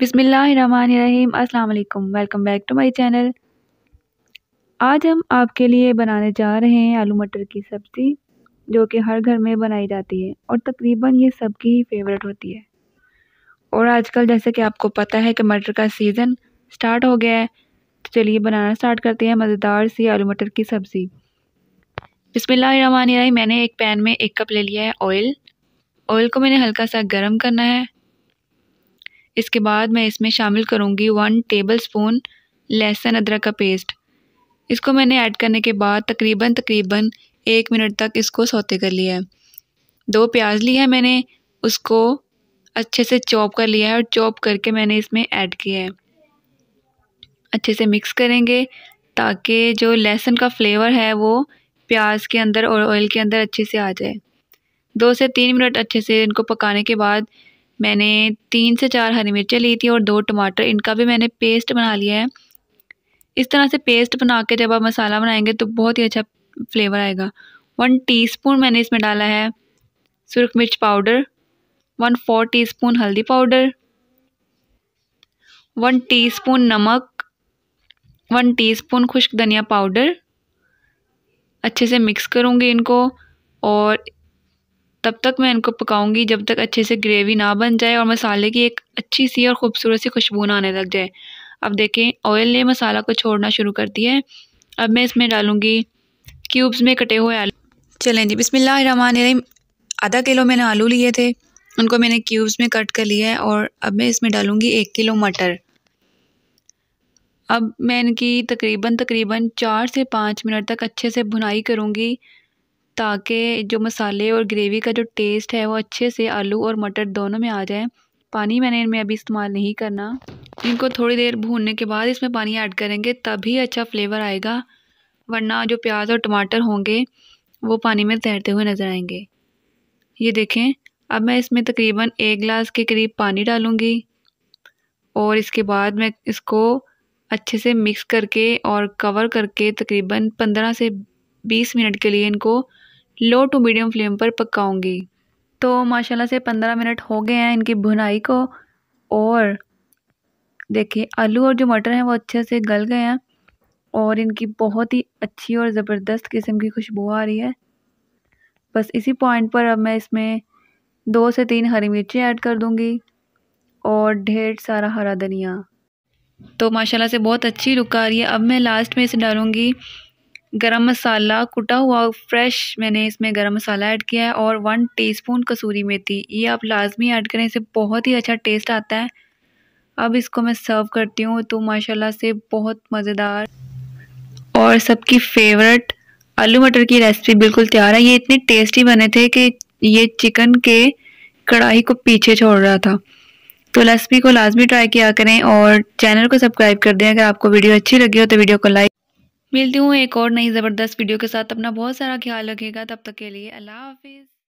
बिसमीम अल्लाम welcome back to my channel आज हम आपके लिए बनाने जा रहे हैं आलू मटर की सब्ज़ी जो कि हर घर में बनाई जाती है और तकरीबन ये सबकी ही फेवरेट होती है और आजकल जैसे कि आपको पता है कि मटर का सीज़न स्टार्ट हो गया है तो चलिए बनाना स्टार्ट करते हैं मज़ेदार सी आलू मटर की सब्ज़ी बिसमीम मैंने एक पैन में एक कप ले लिया है ऑयल ऑयल को मैंने हल्का सा गर्म करना है इसके बाद मैं इसमें शामिल करूँगी वन टेबल स्पून लहसुन अदरक का पेस्ट इसको मैंने ऐड करने के बाद तकरीबन तकरीबन एक मिनट तक इसको सोते कर लिया है दो प्याज ली है मैंने उसको अच्छे से चॉप कर लिया है और चॉप करके मैंने इसमें ऐड किया है अच्छे से मिक्स करेंगे ताकि जो लहसुन का फ्लेवर है वो प्याज के अंदर और ऑयल के अंदर अच्छे से आ जाए दो से तीन मिनट अच्छे से इनको पकाने के बाद मैंने तीन से चार हरी मिर्चें ली थी और दो टमाटर इनका भी मैंने पेस्ट बना लिया है इस तरह से पेस्ट बना के जब आप मसाला बनाएंगे तो बहुत ही अच्छा फ्लेवर आएगा वन टीस्पून मैंने इसमें डाला है सुरख मिर्च पाउडर वन फोर टीस्पून हल्दी पाउडर वन टीस्पून नमक वन टीस्पून खुश्क धनिया पाउडर अच्छे से मिक्स करूँगी इनको और तब तक मैं इनको पकाऊंगी जब तक अच्छे से ग्रेवी ना बन जाए और मसाले की एक अच्छी सी और ख़ूबसूरत सी खुशबू ना आने लग जाए अब देखें ऑयल ने मसाला को छोड़ना शुरू कर दिया है अब मैं इसमें डालूँगी क्यूब्स में कटे हुए आलू चलें जी बिसमीम आधा किलो मैंने आलू लिए थे उनको मैंने क्यूब्स में कट कर लिया है और अब मैं इसमें डालूँगी एक किलो मटर अब मैं इनकी तकरीबन तकरीबन चार से पाँच मिनट तक अच्छे से भुनाई करूँगी ताकि जो मसाले और ग्रेवी का जो टेस्ट है वो अच्छे से आलू और मटर दोनों में आ जाए पानी मैंने इनमें अभी इस्तेमाल नहीं करना इनको थोड़ी देर भूनने के बाद इसमें पानी ऐड करेंगे तभी अच्छा फ्लेवर आएगा वरना जो प्याज और टमाटर होंगे वो पानी में तैरते हुए नज़र आएंगे ये देखें अब मैं इसमें तकरीबन एक गिलास के करीब पानी डालूँगी और इसके बाद मैं इसको अच्छे से मिक्स करके और कवर करके तकरीबन पंद्रह से बीस मिनट के लिए इनको लो टू मीडियम फ्लेम पर पकाऊंगी तो माशाल्लाह से पंद्रह मिनट हो गए हैं इनकी भुनाई को और देखिए आलू और जो मटर हैं वो अच्छे से गल गए हैं और इनकी बहुत ही अच्छी और ज़बरदस्त किस्म की खुशबू आ रही है बस इसी पॉइंट पर अब मैं इसमें दो से तीन हरी मिर्ची ऐड कर दूँगी और ढेर सारा हरा धनिया तो माशाल्लाह से बहुत अच्छी लुक आ रही है अब मैं लास्ट में इसे डालूँगी गरम मसाला कुटा हुआ फ्रेश मैंने इसमें गरम मसाला ऐड किया है और वन टीस्पून कसूरी मेथी ये आप लाजमी ऐड करें इसे बहुत ही अच्छा टेस्ट आता है अब इसको मैं सर्व करती हूँ तो माशाल्लाह से बहुत मज़ेदार और सबकी फेवरेट आलू मटर की रेसिपी बिल्कुल तैयार है ये इतने टेस्टी बने थे कि ये चिकन के कढ़ाई को पीछे छोड़ रहा था तो रेसिपी को लाजमी ट्राई किया करें और चैनल को सब्सक्राइब कर दें अगर आपको वीडियो अच्छी लगी हो तो वीडियो को लाइक मिलती हूँ एक और नई ज़बरदस्त वीडियो के साथ अपना बहुत सारा ख्याल रखेगा तब तक के लिए अल्लाह हाफिज़